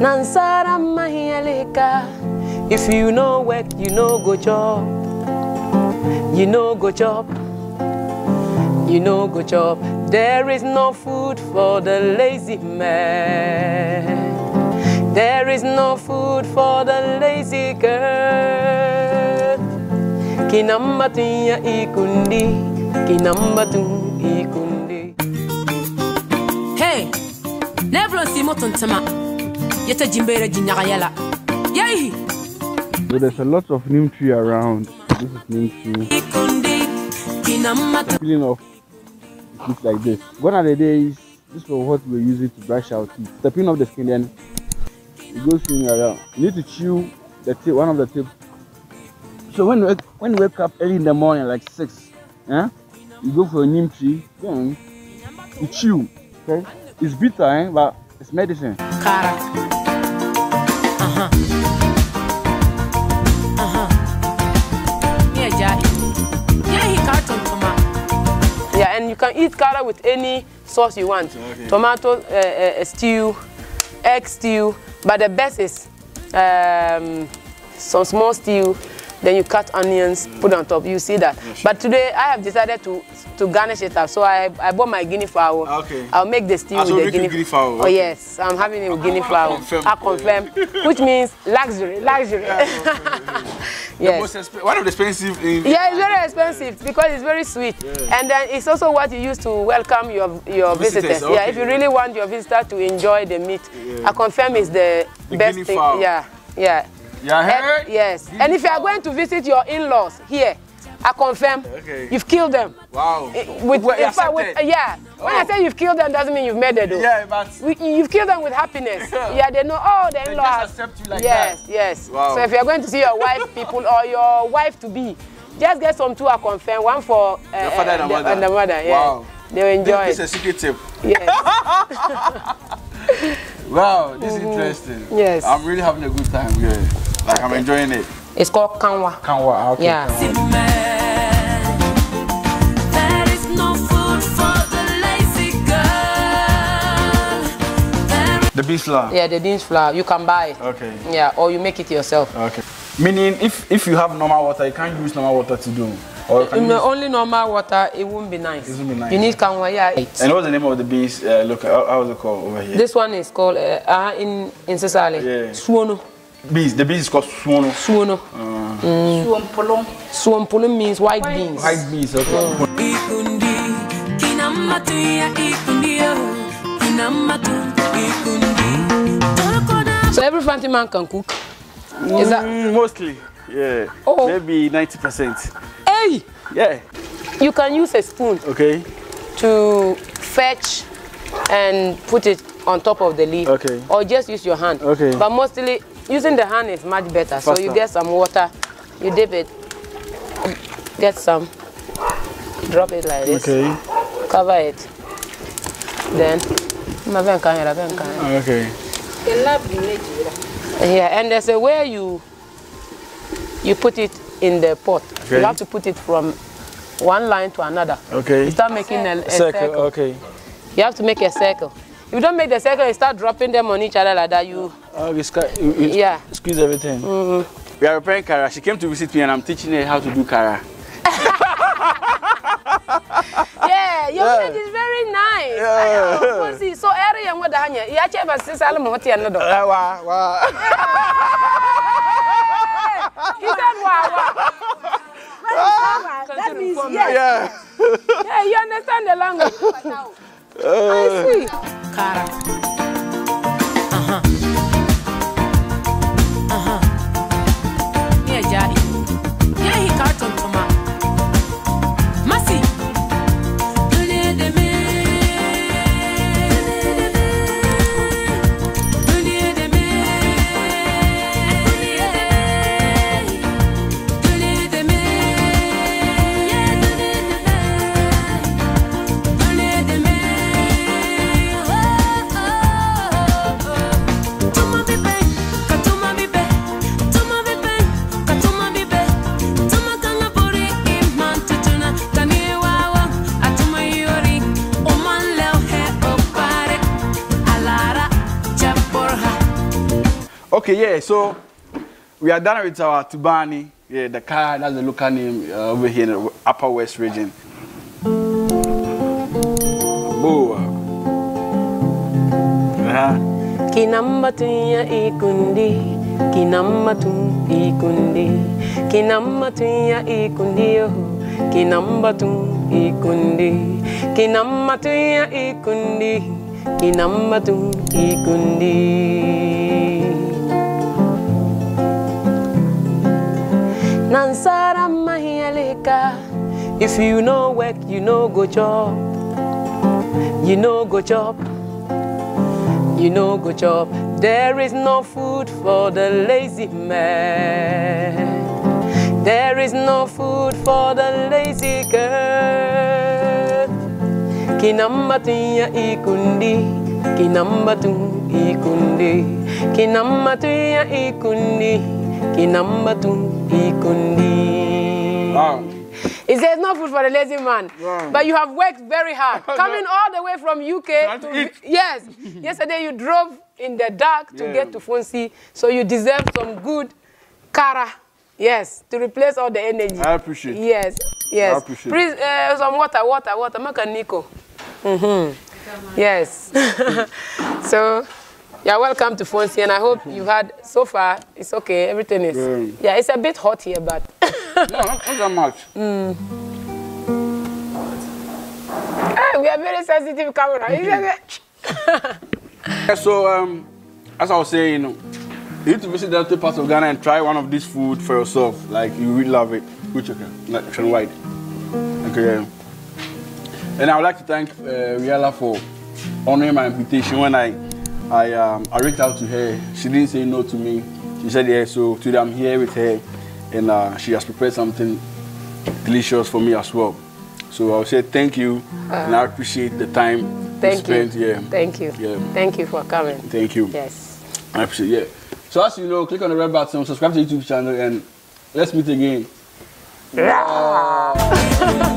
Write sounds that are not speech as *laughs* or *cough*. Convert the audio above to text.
Nansara If you no work, you no go chop. You no go chop. You no go chop. There is no food for the lazy man. There is no food for the lazy girl. Kinambatu ya ikundi, kinambatu ikundi. Hey, Nebron Simoton Tama yɛsɛ jimbere jinyagayɛla yei So there's a lot of neem tree around. This is neem tree. The feeling of it's like this. One of the days. This was what we use it to brush our teeth. Stepping off the skin, then it goes in around. You need to chew the tip, one of the tips. So when you, when you wake up early in the morning, like six, yeah, you go for a neem tree, then you chew. Okay, it's bitter, eh, but it's medicine. Cara. Uh-huh. Uh-huh. Yeah, and you can eat carrot with any sauce you want. Okay. Tomato uh, uh, stew, egg stew, but the best is um, some small stew then you cut onions, put on top. You see that. But today I have decided to to garnish it up. So I, I bought my guinea fowl. Okay. I'll make the stew ah, with the guinea, guinea fowl. Oh yes, I'm having it with guinea *laughs* fowl. I confirm. Ah, *laughs* which means luxury, luxury. *laughs* yes. one of the expensive. yeah, it's very expensive because it's very sweet. Yeah. And then uh, it's also what you use to welcome your your visitors. visitors. Okay. Yeah, if you really want your visitor to enjoy the meat, yeah. I confirm it's the, the best thing. Fowl. Yeah, yeah. Eh, heard? yes. And if you are going to visit your in-laws here, I confirm. Okay. You've killed them. Wow. Eh, with, well, in fact, with, uh, yeah. Oh. When I oh. say you've killed them, doesn't mean you've murdered them. Yeah, but we, you've killed them with happiness. *laughs* yeah. yeah, they know. Oh, the in They just accept you like yes, that. Yes, yes. Wow. So if you're going to see your wife, people, or your wife to be, just get some two. I confirm. One for uh, your father and, uh, the, mother. and the mother. Yeah. Wow. They enjoy. This is a secret tip. Yes. *laughs* *laughs* wow, this is mm -hmm. interesting. Yes. I'm really having a good time here started. I'm enjoying it. It's called Kanwa. Kanwa, ah, okay. Yeah. Kanwa. The beans flour? Yeah, the beans flour. You can buy Okay. Yeah, or you make it yourself. Okay. Meaning, if, if you have normal water, you can't use normal water to do? Or can Only normal water, it won't be nice. It won't be nice. You need kanwa, yeah. And what's the name of the beans uh, look, How, how's it called over here? This one is called, uh, uh in, in Sicily, yeah. Suono beans. The beans is called suono. Suono. Uh. Mm. means white beans. White beans, okay. Mm. Oh. So every fancy man can cook? Mm, is that? Mm, mostly, yeah. Oh. Maybe 90%. Hey! Yeah. You can use a spoon. Okay. To fetch and put it on top of the leaf. Okay. Or just use your hand. Okay. But mostly Using the hand is much better. Faster. So you get some water, you dip it, get some, drop it like this. Okay. Cover it. Then, ah, okay. Yeah, and there's a way you you put it in the pot. Okay. You have to put it from one line to another. Okay. You start making a, a circle, circle. Okay. You have to make a circle. If you don't make the circle, you start dropping them on each other like that. You Oh, yeah. squeeze everything. Mm -hmm. We are preparing Kara. She came to visit me and I'm teaching her how to do Kara. *laughs* *laughs* yeah, your yeah. village is very nice. Yeah. so area and what the hanya. You actually have a sister i Hoti and Nodo. Wow, wow. He said wow, ah. wow. That means yes. Yeah. *laughs* yeah, you understand the language. Uh. I see. Kara. Uh-huh. Okay, yeah, so we are done with our Tubani, yeah, the car, that's the local name uh, over here in the Upper West region. Boa. Uh-huh. Kinambatun ikundi, ikundi, ikundi ikundi, ikundi, ikundi. Nansara mahialeka. If you no work, you no go chop. You no go chop. You no go chop. There is no food for the lazy man. There is no food for the lazy girl. Kinambatunya ikundi. Kinambatu ikundi. Kinambatunya ikundi. Kinambatun It says no food for the lazy man, wow. but you have worked very hard. *laughs* Coming all the way from UK. To, yes. Yesterday you drove in the dark to yeah. get to Fonsi, so you deserve some good cara. Yes, to replace all the energy. I appreciate. Yes, yes. I appreciate. Please, uh, some water, water, water. Make a Nico. Mm -hmm. Yes. *laughs* so. You're welcome to Fonsi, and I hope you had so far. It's okay. Everything is. Mm. Yeah, it's a bit hot here, but. *laughs* no, not, that much. Mm. Hey, ah, we are very sensitive camera. yeah, so, um, as I was saying, you need to visit the other parts of Ghana and try one of these food for yourself. Like you will really love it. Good chicken, like chicken white. Okay. And I would like to thank uh, for honoring my invitation when I I um, I reached out to her. She didn't say no to me. She said yes. Yeah, so today I'm here with her, and uh, she has prepared something delicious for me as well. So I'll say thank you, and I uh-huh. appreciate the time thank spent you. Thank you. Yeah. Thank you for coming. Thank you. Yes. I appreciate it. Yeah. So as you know, click on the red button, subscribe to the YouTube channel, and let's meet again. *laughs* Yeah.